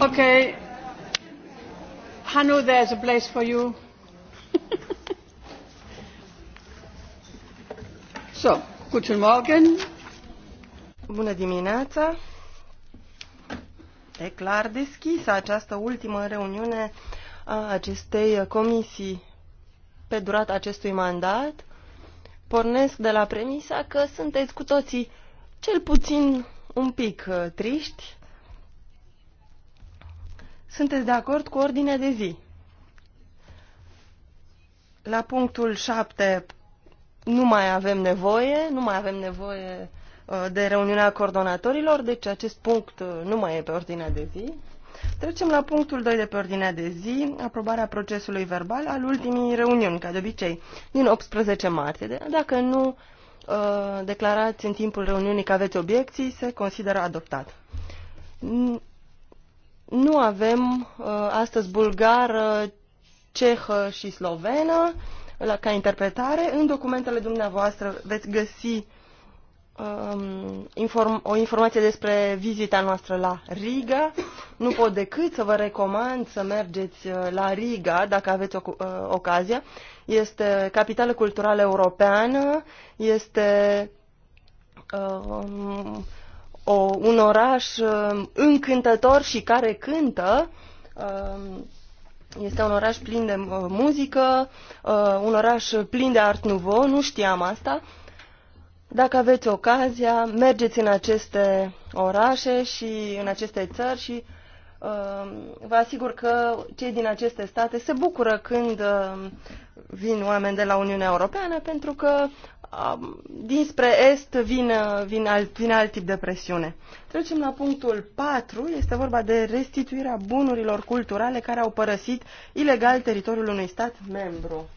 Ok, Hanu, there's a place for you. so, guten Morgen. Bună dimineața. clar deschisă această ultimă reuniune a acestei comisii pe durata acestui mandat. Pornesc de la premisa că sunteți cu toții cel puțin un pic uh, triști sunteți de acord cu ordinea de zi? La punctul 7 nu mai avem nevoie, nu mai avem nevoie uh, de reuniunea coordonatorilor, deci acest punct uh, nu mai e pe ordinea de zi. Trecem la punctul 2 de pe ordinea de zi, aprobarea procesului verbal al ultimii reuniuni, ca de obicei, din 18 martie. Dacă nu uh, declarați în timpul reuniunii că aveți obiecții, se consideră adoptat nu avem uh, astăzi bulgară, cehă și slovenă la, ca interpretare. În documentele dumneavoastră veți găsi um, inform, o informație despre vizita noastră la Riga. Nu pot decât să vă recomand să mergeți uh, la Riga dacă aveți o, uh, ocazia. Este capitală culturală europeană, este um, o, un oraș uh, încântător și care cântă. Um, este un oraș plin de uh, muzică, uh, un oraș plin de art nouveau, nu știam asta. Dacă aveți ocazia, mergeți în aceste orașe și în aceste țări și uh, vă asigur că cei din aceste state se bucură când uh, vin oameni de la Uniunea Europeană pentru că Um, dinspre est vin, vin, alt, vin alt tip de presiune. Trecem la punctul 4. Este vorba de restituirea bunurilor culturale care au părăsit ilegal teritoriul unui stat membru.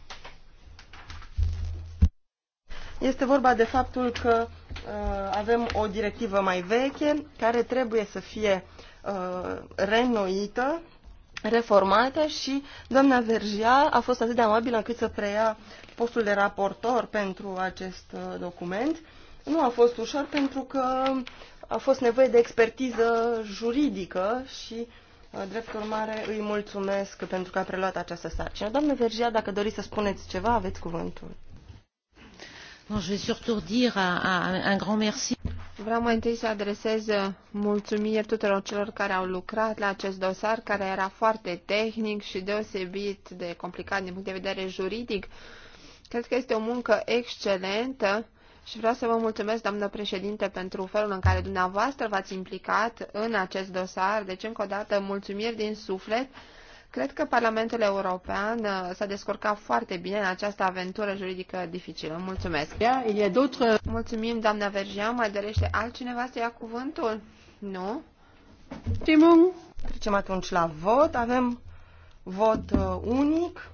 Este vorba de faptul că uh, avem o directivă mai veche care trebuie să fie uh, renoită reformată și doamna Vergia a fost atât de amabilă încât să preia postul de raportor pentru acest uh, document. Nu a fost ușor pentru că a fost nevoie de expertiză juridică și, uh, drept urmare, îi mulțumesc pentru că a preluat această sarcină. Doamna Vergia, dacă doriți să spuneți ceva, aveți cuvântul. Bon, je vais surtout dire un, un, un grand merci Vreau mai întâi să adresez mulțumiri tuturor celor care au lucrat la acest dosar, care era foarte tehnic și deosebit de complicat din punct de vedere juridic. Cred că este o muncă excelentă și vreau să vă mulțumesc, doamnă președinte, pentru felul în care dumneavoastră v-ați implicat în acest dosar. Deci, încă o dată, mulțumiri din suflet Cred că Parlamentul European uh, s-a descurcat foarte bine în această aventură juridică dificilă. Mulțumesc. Mulțumim, doamna Vergea. Mai dorește altcineva să ia cuvântul? Nu? Primul. Trecem atunci la vot. Avem vot uh, unic.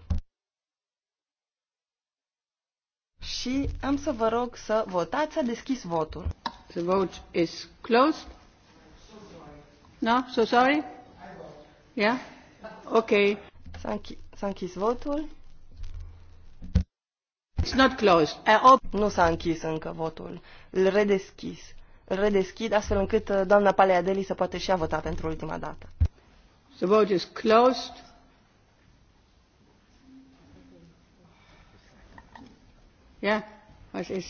Și am să vă rog să votați. a deschis votul. The vote is closed. No? So sorry? Yeah? Ok. S-a, închi- închis votul. It's not closed. Nu s-a închis încă votul. Îl redeschis. Îl redeschid astfel încât uh, doamna Paleadeli să poată și a vota pentru ultima dată. The vote is closed. Yeah, was is.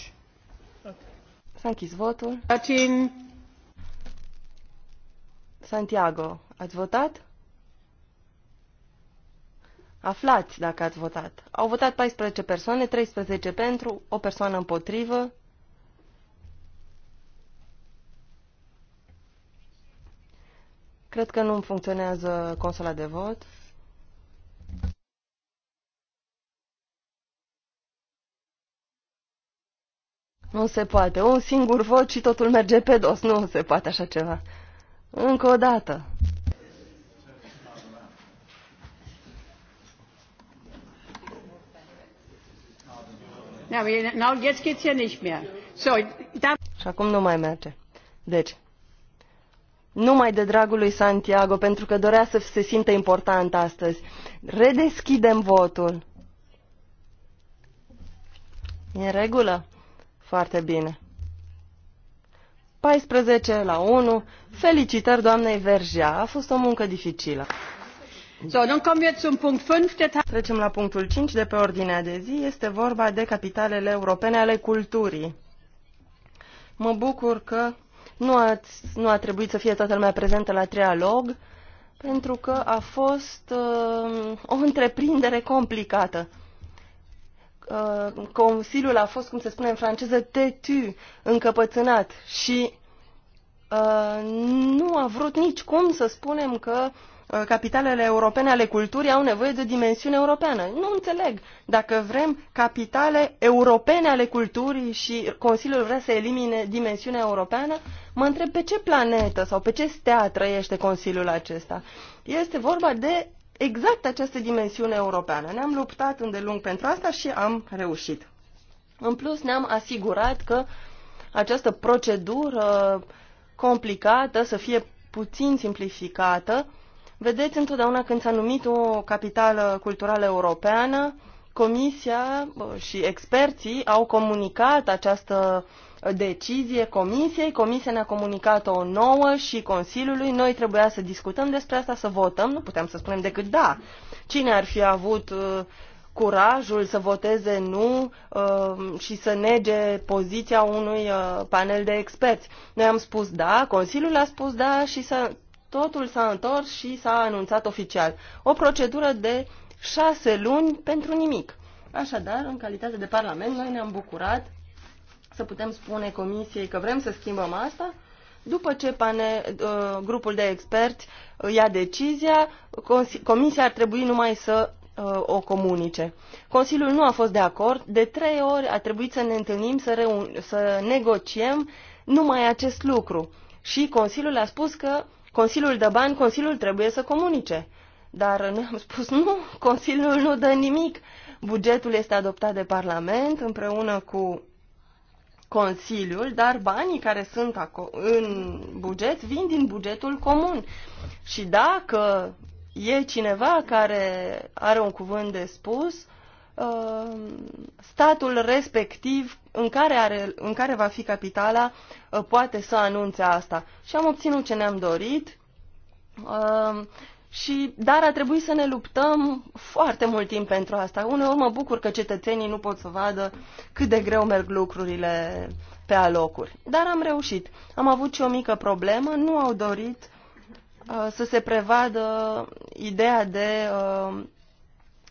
S-a închis votul. Latin. Santiago, ați votat? aflați dacă ați votat. Au votat 14 persoane, 13 pentru, o persoană împotrivă. Cred că nu funcționează consola de vot. Nu se poate. Un singur vot și totul merge pe dos. Nu se poate așa ceva. Încă o dată. Da- Și acum nu mai merge. Deci, numai de dragul lui Santiago, pentru că dorea să se simtă important astăzi. Redeschidem votul. E în regulă? Foarte bine. 14 la 1. Felicitări doamnei Verja. A fost o muncă dificilă. Trecem la punctul 5 de pe ordinea de zi. Este vorba de capitalele europene ale culturii. Mă bucur că nu, ați, nu a trebuit să fie toată lumea prezentă la trialog, pentru că a fost uh, o întreprindere complicată. Uh, Consiliul a fost, cum se spune în franceză, tetu, încăpățânat și uh, nu a vrut nici cum să spunem că uh, Eh, capitalele europene ale culturii au nevoie de dimensiune europeană. Nu înțeleg. Dacă vrem capitale europene ale culturii și Consiliul vrea să elimine dimensiunea europeană, mă întreb pe ce planetă sau pe ce stea trăiește Consiliul acesta. Este vorba de exact această dimensiune europeană. Ne-am luptat îndelung pentru asta și am reușit. În plus, ne-am asigurat că această procedură complicată să fie puțin simplificată Vedeți întotdeauna când s-a numit o capitală culturală europeană, Comisia și experții au comunicat această decizie Comisiei, Comisia ne-a comunicat-o nouă și Consiliului, noi trebuia să discutăm despre asta, să votăm, nu puteam să spunem decât da. Cine ar fi avut uh, curajul să voteze nu uh, și să nege poziția unui uh, panel de experți? Noi am spus da, Consiliul a spus da și să totul s-a întors și s-a anunțat oficial. O procedură de șase luni pentru nimic. Așadar, în calitate de Parlament, noi ne-am bucurat să putem spune Comisiei că vrem să schimbăm asta. După ce pane, uh, grupul de experți uh, ia decizia, Comisia ar trebui numai să uh, o comunice. Consiliul nu a fost de acord. De trei ori a trebuit să ne întâlnim, să, reun- să negociem numai acest lucru. Și Consiliul a spus că Consiliul dă bani, Consiliul trebuie să comunice. Dar noi am spus nu, Consiliul nu dă nimic. Bugetul este adoptat de Parlament împreună cu Consiliul, dar banii care sunt în buget vin din bugetul comun. Și dacă e cineva care are un cuvânt de spus, uh, Uh, statul respectiv în care, are, în care va fi capitala uh, poate să anunțe asta. Și am obținut ce ne-am dorit, uh, și, dar a trebuit să ne luptăm foarte mult timp pentru asta. Uneori mă bucur că cetățenii nu pot să vadă cât de greu merg lucrurile pe alocuri. Dar am reușit. Am avut și o mică problemă, nu au dorit uh, să se prevadă ideea de uh,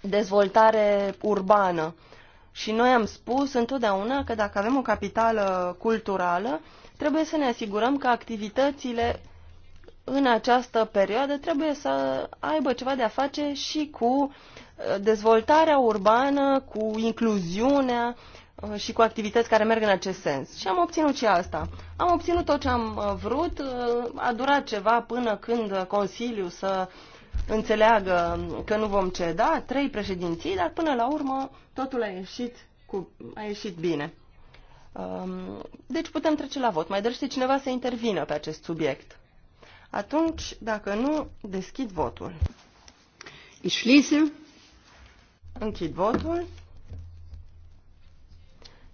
dezvoltare urbană. Și noi am spus întotdeauna că dacă avem o capitală culturală, trebuie să ne asigurăm că activitățile în această perioadă trebuie să aibă ceva de a face și cu uh, dezvoltarea urbană, cu incluziunea uh, și cu activități care merg în acest sens. Și am obținut și asta. Am obținut tot ce am uh, vrut, a durat ceva până când Consiliul să uh, înțeleagă că nu vom ceda, trei președinții, dar până la urmă totul a ieșit, cu, a ieșit bine. Um, deci putem trece la vot. Mai dorește cineva să intervină pe acest subiect? Atunci, dacă nu, deschid votul. Ich schließe. Închid votul.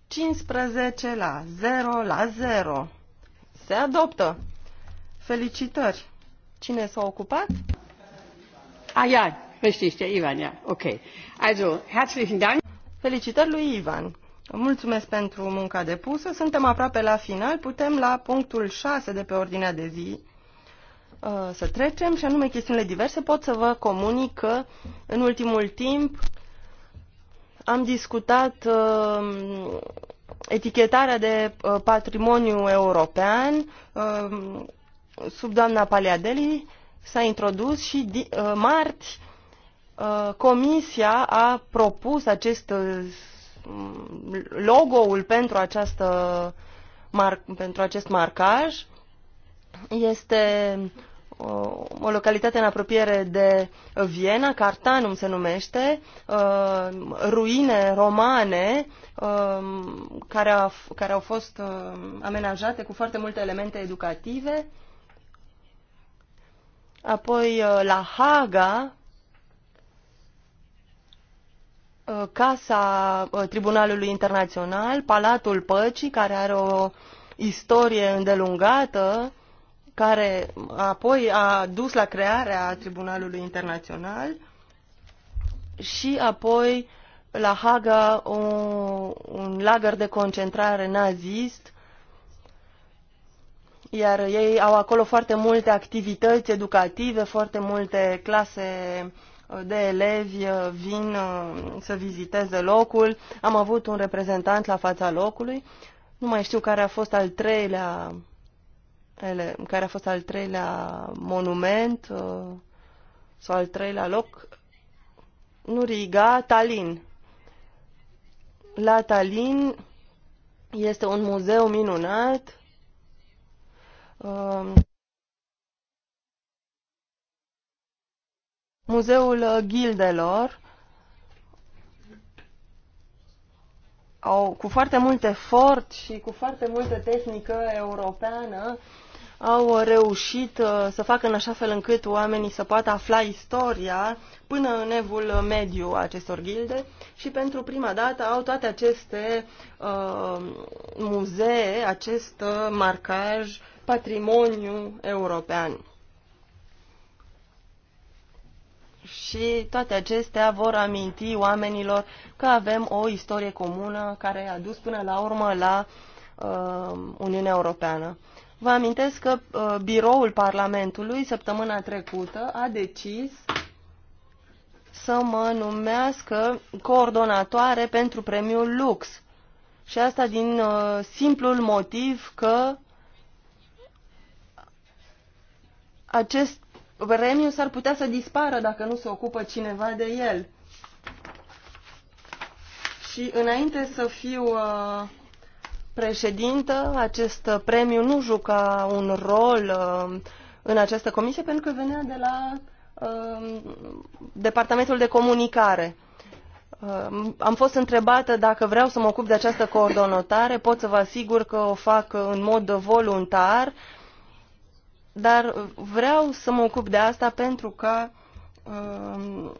15 la 0 la 0. Se adoptă. Felicitări. Cine s-a ocupat? Ah, Ivan, ok. Felicitări lui Ivan. Mulțumesc pentru munca depusă. Suntem aproape la final. Putem la punctul 6 de pe ordinea de zi uh, să trecem și anume chestiunile diverse. Pot să vă comunic că în ultimul timp am discutat uh, etichetarea de uh, patrimoniu european sub doamna Paliadeli s-a introdus și uh, marți uh, comisia a propus acest uh, logo-ul pentru, această mar- pentru acest marcaj. Este uh, o localitate în apropiere de Viena, Cartanum se numește, uh, ruine romane uh, care, a, care au fost uh, amenajate cu foarte multe elemente educative. Apoi uh, la Haga, uh, Casa uh, Tribunalului Internațional, Palatul Păcii, care are o istorie îndelungată, care apoi a dus la crearea Tribunalului Internațional și apoi la Haga o, un lagăr de concentrare nazist iar ei au acolo foarte multe activități educative, foarte multe clase uh, de elevi uh, vin uh, să viziteze locul. Am avut un reprezentant la fața locului. Nu mai știu care a fost al treilea ele, care a fost al treilea monument sau al treilea loc. Nu Riga, Tallinn. La Tallinn este un muzeu minunat Um, Muzeul uh, Gildelor au, cu foarte mult efort și cu foarte multă tehnică europeană au uh, reușit uh, să facă în așa fel încât oamenii să poată afla istoria până în evul mediu acestor gilde și pentru prima dată au toate aceste uh, muzee, acest marcaj patrimoniu european. Și toate acestea vor aminti oamenilor că avem o istorie comună care a dus până la urmă la uh, Uniunea Europeană. Vă amintesc că uh, biroul Parlamentului săptămâna trecută a decis să mă numească coordonatoare pentru premiul Lux. Și asta din uh, simplul motiv că acest premiu s-ar putea să dispară dacă nu se ocupă cineva de el. Și înainte să fiu uh, președintă, acest premiu nu juca un rol uh, în această comisie pentru că venea de la uh, Departamentul de Comunicare. Uh, am fost întrebată dacă vreau să mă ocup de această coordonatare, pot să vă asigur că o fac în mod voluntar. Uh, dar vreau să mă ocup de asta pentru că um,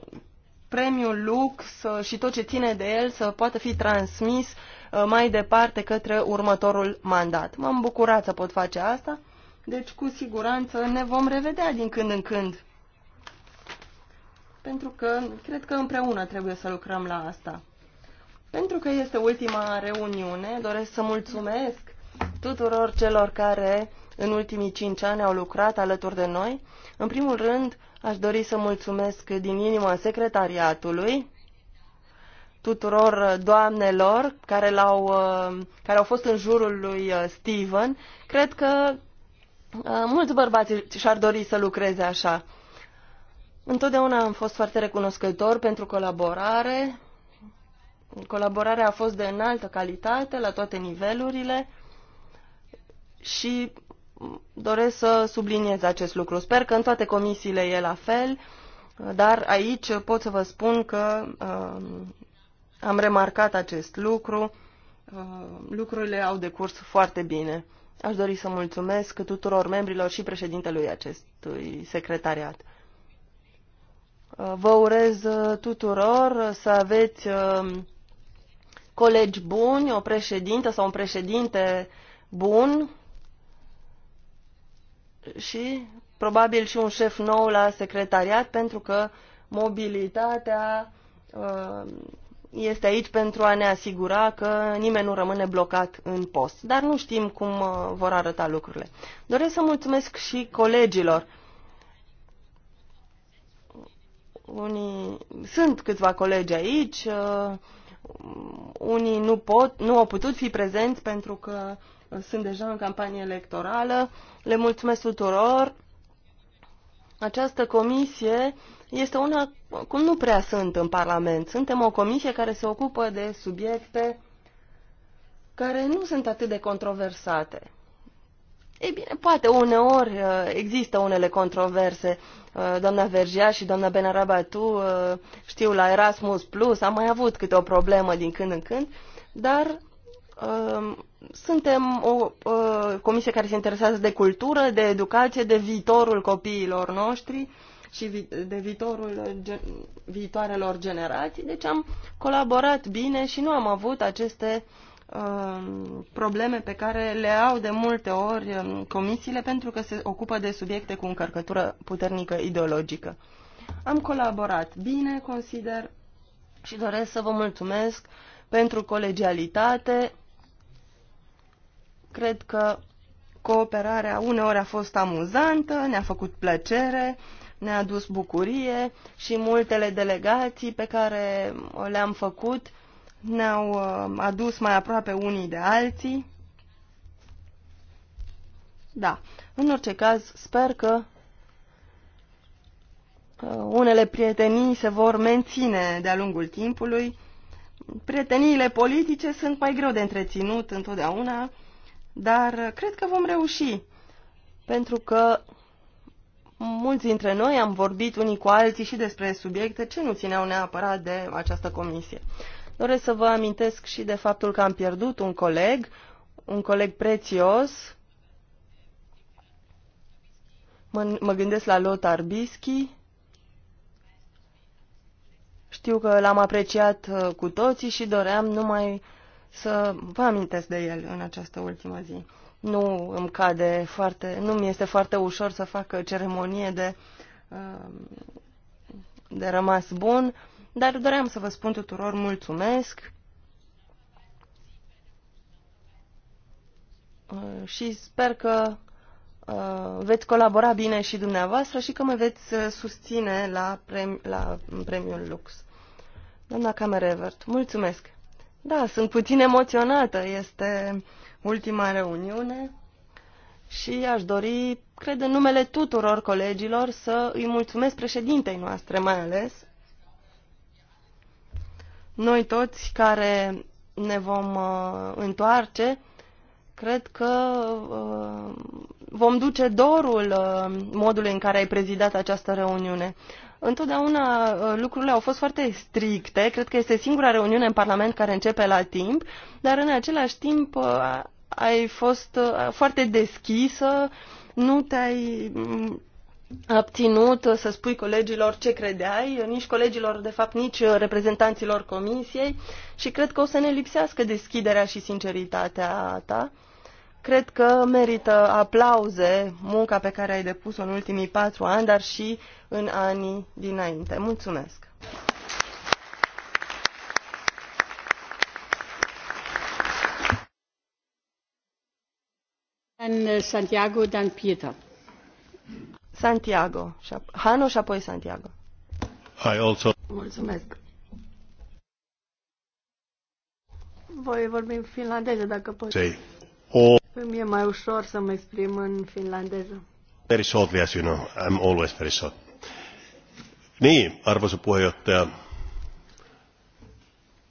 premiul Lux uh, și tot ce ține de el să poată fi transmis uh, mai departe către următorul mandat. M-am bucurat să pot face asta, deci cu siguranță ne vom revedea din când în când. Pentru că cred că împreună trebuie să lucrăm la asta. Pentru că este ultima reuniune, doresc să mulțumesc tuturor celor care în ultimii cinci ani au lucrat alături de noi. În primul rând, aș dori să mulțumesc din inimă secretariatului, tuturor doamnelor care, l-au, care au fost în jurul lui uh, Steven. Cred că uh, mulți bărbați și-ar dori să lucreze așa. Întotdeauna am fost foarte recunoscător pentru colaborare. Colaborarea a fost de înaltă calitate la toate nivelurile și doresc să subliniez acest lucru. Sper că în toate comisiile e la fel, dar aici pot să vă spun că uh, am remarcat acest lucru. Uh, lucrurile au decurs foarte bine. Aș dori să mulțumesc tuturor membrilor și președintelui acestui secretariat. vă urez tuturor să aveți um, colegi buni, o președintă sau un președinte bun și probabil și un șef nou la secretariat, pentru că mobilitatea uh, este aici pentru a ne asigura că nimeni nu rămâne blocat în post. Dar nu știm cum uh, vor arăta lucrurile. Doresc să mulțumesc și colegilor. Unii... Sunt câțiva colegi aici, uh, unii nu, pot, nu au putut fi prezenți pentru că sunt deja în campanie electorală. Le mulțumesc tuturor. Această comisie este una, cum nu prea sunt în Parlament, suntem o comisie care se ocupă de subiecte care nu sunt atât de controversate. Ei bine, poate uneori uh, există unele controverse. Uh, doamna Vergea și doamna Benarabatu, uh, știu, la Erasmus Plus am mai avut câte o problemă din când în când, dar Ehm, suntem o comisie care se interesează de cultură, de educație, de viitorul copiilor noștri și de viitorul viitoarelor generații. Deci am colaborat bine și nu am avut aceste ehm, probleme pe care le au de multe ori ehm, comisiile pentru că se ocupă de subiecte cu încărcătură puternică ideologică. Am colaborat bine, consider, și doresc să vă mulțumesc pentru colegialitate Cred că cooperarea uneori a fost amuzantă, ne-a făcut plăcere, ne-a adus bucurie și multele delegații pe care le-am făcut ne-au uh, adus mai aproape unii de alții. Da, în orice caz, sper că uh, unele prietenii se vor menține de-a lungul timpului. Prieteniile politice sunt mai greu de întreținut întotdeauna dar cred că vom reuși, pentru că mulți dintre noi am vorbit unii cu alții și despre subiecte ce nu țineau neapărat de această comisie. Doresc să vă amintesc și de faptul că am pierdut un coleg, un coleg prețios. Mă, mă gândesc la Lothar Bischi. Știu că l-am apreciat uh, cu toții și doream numai să vă amintesc de el în această ultimă zi. Nu îmi cade foarte, nu mi este foarte ușor să fac ceremonie de, um, de rămas bun, dar doream să vă spun tuturor mulțumesc uh, și sper că uh, veți colabora bine și dumneavoastră și că mă veți uh, susține la, premi- la premiul Lux. Doamna Camerevert, mulțumesc! Da, sunt puțin emoționată. Este ultima reuniune și aș dori, cred în numele tuturor colegilor, să îi mulțumesc președintei noastre mai ales. Noi toți care ne vom uh, întoarce, cred că uh, vom duce dorul uh, modului în care ai prezidat această reuniune. Întotdeauna uh, lucrurile au fost foarte stricte. Cred că este singura reuniune în Parlament care începe la timp, dar în același timp uh, ai fost uh, foarte deschisă, nu te-ai mm, abținut să spui colegilor ce credeai, nici colegilor, de fapt, nici reprezentanților comisiei și cred că o să ne lipsească deschiderea și sinceritatea ta. Cred că merită aplauze munca pe care ai depus-o în ultimii patru ani, dar și în anii dinainte. Mulțumesc! Eh, Santiago, dan Pieta. Santiago. Hano și apoi Santiago. I also... Mulțumesc. Voi vorbi în finlandeză, dacă poți. Say. All. Oh. Îmi păi, e mai ușor să mă exprim în finlandeză. Very short as you know. I'm always very short. Niin, arvoisa puheenjohtaja,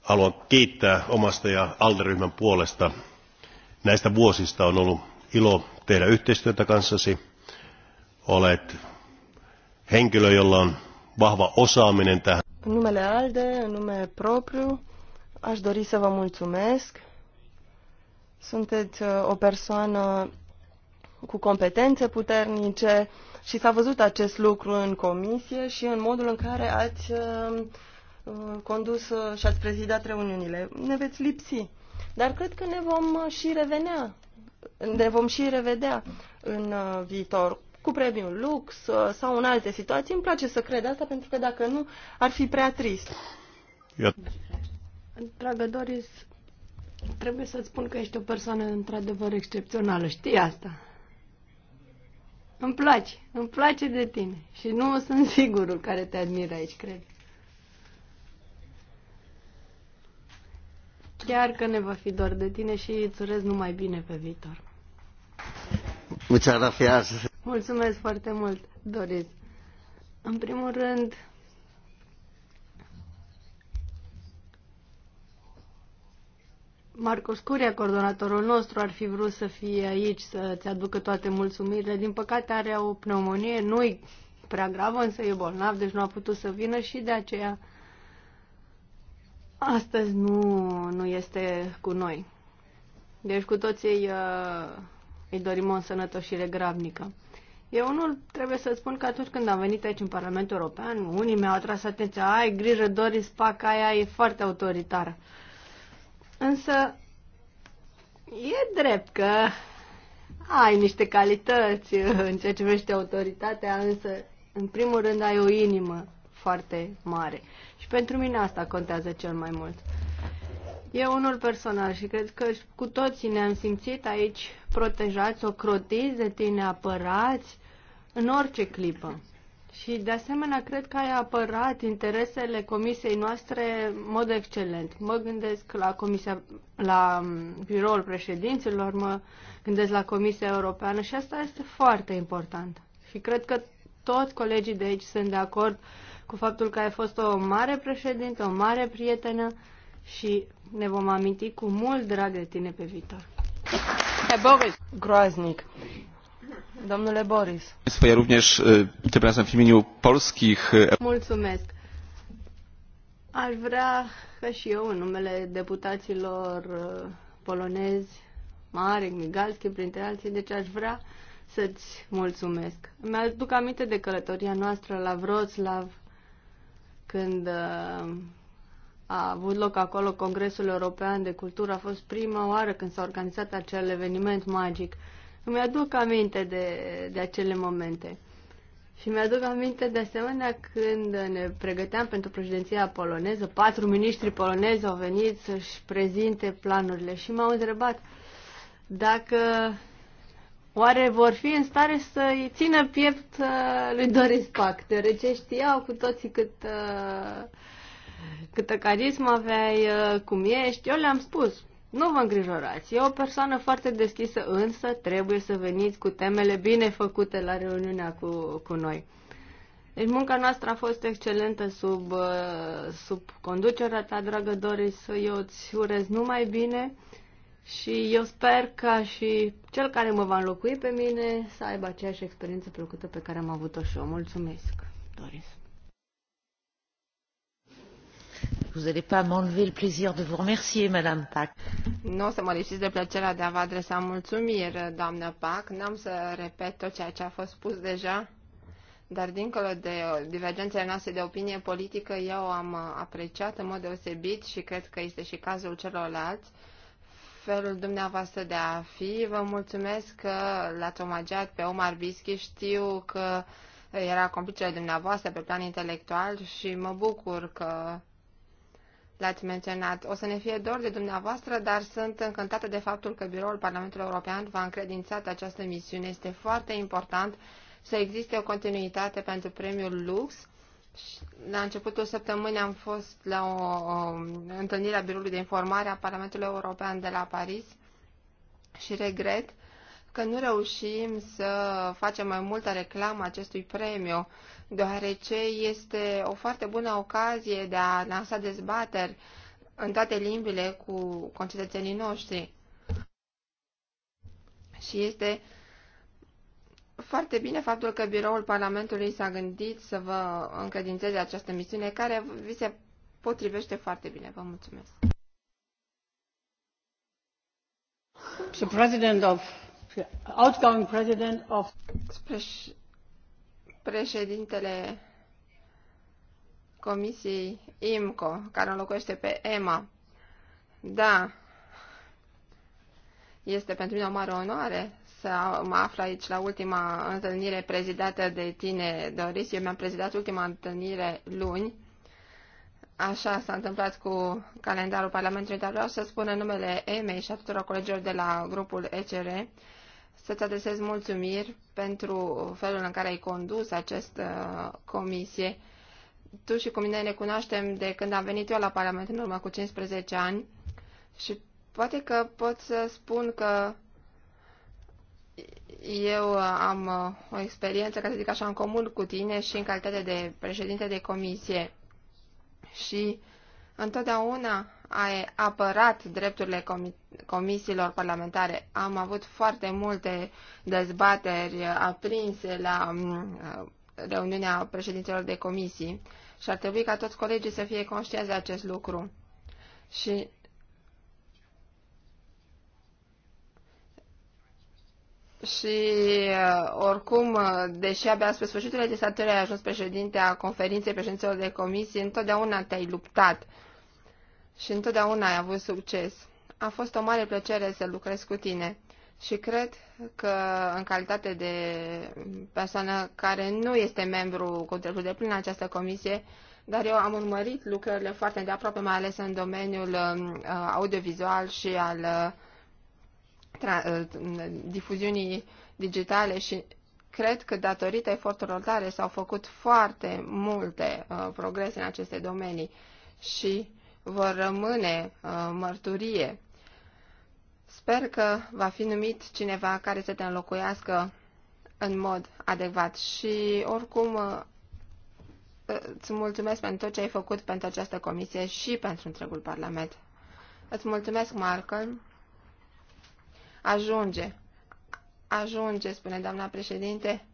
haluan kiittää omasta ja alderyhmän puolesta. Näistä vuosista on ollut ilo tehdä yhteistyötä kanssasi. Olet henkilö, jolla on vahva osaaminen tähän. Numele Alde, nume propriu, aș dori să vă mulțumesc sunteți uh, o persoană cu competențe puternice și s-a văzut acest lucru în comisie și în modul în care ați uh, uh, condus și ați prezidat reuniunile. Ne veți lipsi, dar cred că ne vom și revenea, ne vom și revedea în viitor cu premiul Lux sau în alte situații. Îmi place să cred asta pentru că dacă nu, ar fi prea trist. Iată. Dragă Doris, Trebuie să-ți spun că ești o persoană într-adevăr excepțională, știi asta. Îmi place, îmi place de tine și nu sunt sigurul care te admiră aici, cred. Chiar că ne va fi doar de tine și îți urez numai bine pe viitor. Mulțumesc foarte mult, Doris. În primul rând, Marcos Curia, coordonatorul nostru, ar fi vrut să fie aici, să-ți aducă toate mulțumirile. Din păcate are o pneumonie, nu-i prea gravă, însă e bolnav, deci nu a putut să vină și de aceea astăzi nu, nu este cu noi. Deci cu toții îi, uh, îi dorim o însănătoșire gravnică. Eu unul trebuie să spun că atunci când am venit aici în Parlamentul European, unii mi-au atras atenția, ai grijă, Doris Pac, aia e foarte autoritară. Uh, Însă e drept că ai niște calități în ceea ce vește autoritatea, însă în primul rând ai o inimă foarte mare. Și pentru mine asta contează cel mai mult. E unul personal și cred că cu toții ne-am simțit aici protejați, ocrotiți de tine, apărați în orice clipă. Și, de asemenea, cred că ai apărat interesele comisiei noastre în mod excelent. Mă gândesc la, comisia, la mm, biroul președinților, mă gândesc la Comisia Europeană și asta este foarte important. Și cred că toți colegii de aici sunt de acord cu faptul că ai fost o mare președinte, o mare prietenă și ne vom aminti cu mult drag de tine pe viitor. Boris. Groaznic. Domnule Boris. Ja również tym razem w imieniu polskich... Mulțumesc. Aș vrea ca și eu, în numele deputaților polonezi, Marek, Migalski, printre alții, deci aș vrea să-ți mulțumesc. Mi-aduc aminte de călătoria noastră la Wroclaw, când a avut loc acolo Congresul European de Cultură. A fost prima oară când s-a organizat acel eveniment magic. Îmi aduc aminte de, de acele momente. Și mi-aduc aminte de asemenea când ne pregăteam pentru președinția poloneză, patru miniștri polonezi au venit să-și prezinte planurile și m-au întrebat dacă oare vor fi în stare să-i țină piept uh, lui Doris Pac, deoarece știau cu toții cât, uh, câtă carism aveai, uh, cum ești. Eu le-am spus, nu vă îngrijorați, e o persoană foarte deschisă, însă trebuie să veniți cu temele bine făcute la reuniunea cu, cu noi. Deci munca noastră a fost excelentă sub, uh, sub conducerea ta, dragă Doris, eu îți urez numai bine și eu sper ca și cel care mă va înlocui pe mine să aibă aceeași experiență plăcută pe care am avut-o și eu. Mulțumesc, Doris. Vous n'allez pas m'enlever le plaisir de vous remercier, Madame Pack. Nu o să mă lipsiți de plăcerea de a vă adresa mulțumiri, doamnă Pac. N-am să repet tot ceea ce a fost spus deja, dar dincolo de divergențele noastre de opinie politică, eu am apreciat în mod deosebit și cred că este și cazul celorlalți felul dumneavoastră de a fi. Vă mulțumesc că l-ați omageat pe Omar Bischi. Știu că era complicele dumneavoastră pe plan intelectual și mă bucur că l-ați menționat. O să ne fie dor de dumneavoastră, dar sunt încântată de faptul că Biroul Parlamentului European v-a încredințat această misiune. Este foarte important să existe o continuitate pentru premiul Lux. La începutul săptămânii am fost la o, o întâlnire a Biroului de Informare a Parlamentului European de la Paris și regret că nu reușim să facem mai multă reclamă acestui premiu, deoarece este o foarte bună ocazie de a lansa dezbateri în toate limbile cu concetățenii noștri. Și este foarte bine faptul că biroul Parlamentului s-a gândit să vă încredințeze această misiune care vi se potrivește foarte bine. Vă mulțumesc. The president of outgoing president of președintele Comisiei IMCO, care înlocuiește pe EMA. Da, este pentru mine o mare onoare să mă aflu aici la ultima întâlnire prezidată de tine, Doris. Eu mi-am prezidat ultima întâlnire luni. Așa s-a întâmplat cu calendarul Parlamentului, dar vreau să spun în numele EMEI și a tuturor colegilor de la grupul ECR să-ți adresez mulțumiri pentru felul în care ai condus această uh, comisie. Tu și cu mine ne cunoaștem de când am venit eu la Parlament în urmă cu 15 ani și poate că pot să spun că eu uh, am uh, o experiență, ca să zic așa, în comun cu tine și în calitate de președinte de comisie. Și întotdeauna a apărat drepturile comisiilor parlamentare. Am avut foarte multe dezbateri aprinse la mm, reuniunea președinților de comisii și ar trebui ca toți colegii să fie conștienți de acest lucru. Și Și uh, oricum, uh, deși abia spre sfârșitul legislaturii ai ajuns președinte a conferinței președinților de comisii, întotdeauna te-ai luptat uh, și întotdeauna ai avut succes. A fost o mare plăcere să lucrez cu tine și cred că în calitate de persoană care nu este membru cu de plin în această comisie, dar eu am urmărit lucrările foarte de aproape, mai ales în domeniul um, uh, audiovizual și al uh, uh, difuziunii digitale și cred că datorită eforturilor tale s-au făcut foarte multe progrese în aceste domenii și vor rămâne uh, mărturie. Sper că va fi numit cineva care să te înlocuiască în mod adecvat și oricum uh, îți mulțumesc pentru tot ce ai făcut pentru această comisie și pentru întregul Parlament. Îți mulțumesc, Malcolm. Ajunge. Ajunge, spune doamna președinte.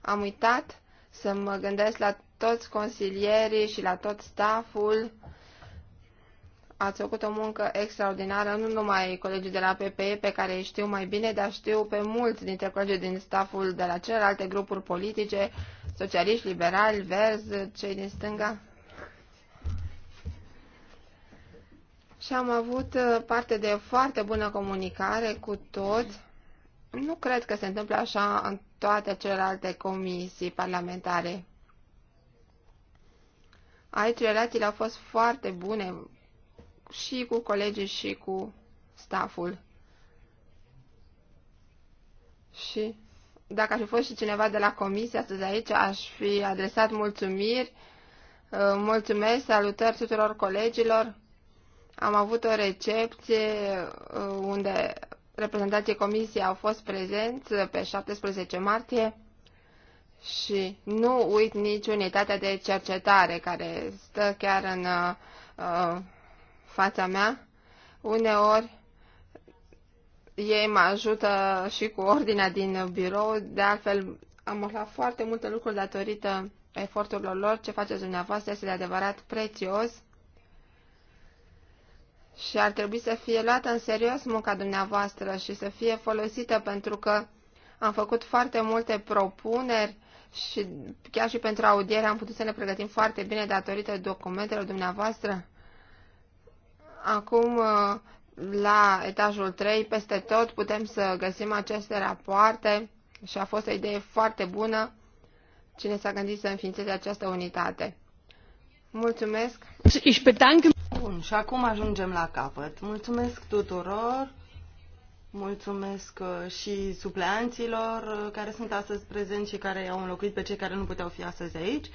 Am uitat să mă gândesc la toți consilierii și la tot staful ați făcut o muncă extraordinară, nu numai colegii de la PPE, pe care îi știu mai bine, dar știu pe mulți dintre colegii din staful de la celelalte grupuri politice, socialiști, liberali, verzi, cei din stânga. Și am avut uh, parte de foarte bună comunicare cu toți. Nu cred că se întâmplă așa în toate celelalte comisii parlamentare. Aici relațiile au fost foarte bune, și cu colegii și cu staful. Și dacă aș fi fost și cineva de la comisie astăzi aici, aș fi adresat mulțumiri, uh, mulțumesc, salutări tuturor colegilor. Am avut o recepție uh, unde reprezentanții comisiei au fost prezenți pe 17 martie și nu uit nici unitatea de cercetare care stă chiar în uh, fața mea. Uneori ei mă ajută și cu ordinea din birou, de altfel am aflat foarte multe lucruri datorită eforturilor lor. Ce faceți dumneavoastră este de adevărat prețios și ar trebui să fie luată în serios munca dumneavoastră și să fie folosită pentru că am făcut foarte multe propuneri și chiar și pentru audiere am putut să ne pregătim foarte bine datorită documentelor dumneavoastră. Acum, uh, la etajul 3, peste tot, putem să găsim aceste rapoarte și a fost o idee foarte bună cine s-a gândit să înființeze această unitate. Mulțumesc! Bun, și acum ajungem la capăt. Mulțumesc tuturor! Mulțumesc uh, și supleanților uh, care sunt astăzi prezenți și care i-au înlocuit pe cei care nu puteau fi astăzi aici.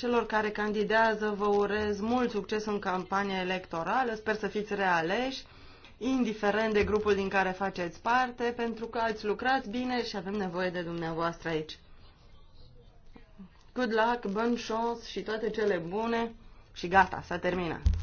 Celor care candidează vă urez mult succes în campania electorală, sper să fiți realeși, indiferent de grupul din care faceți parte, pentru că ați lucrat bine și avem nevoie de dumneavoastră aici. Good luck, bun șans și toate cele bune și gata, s-a terminat.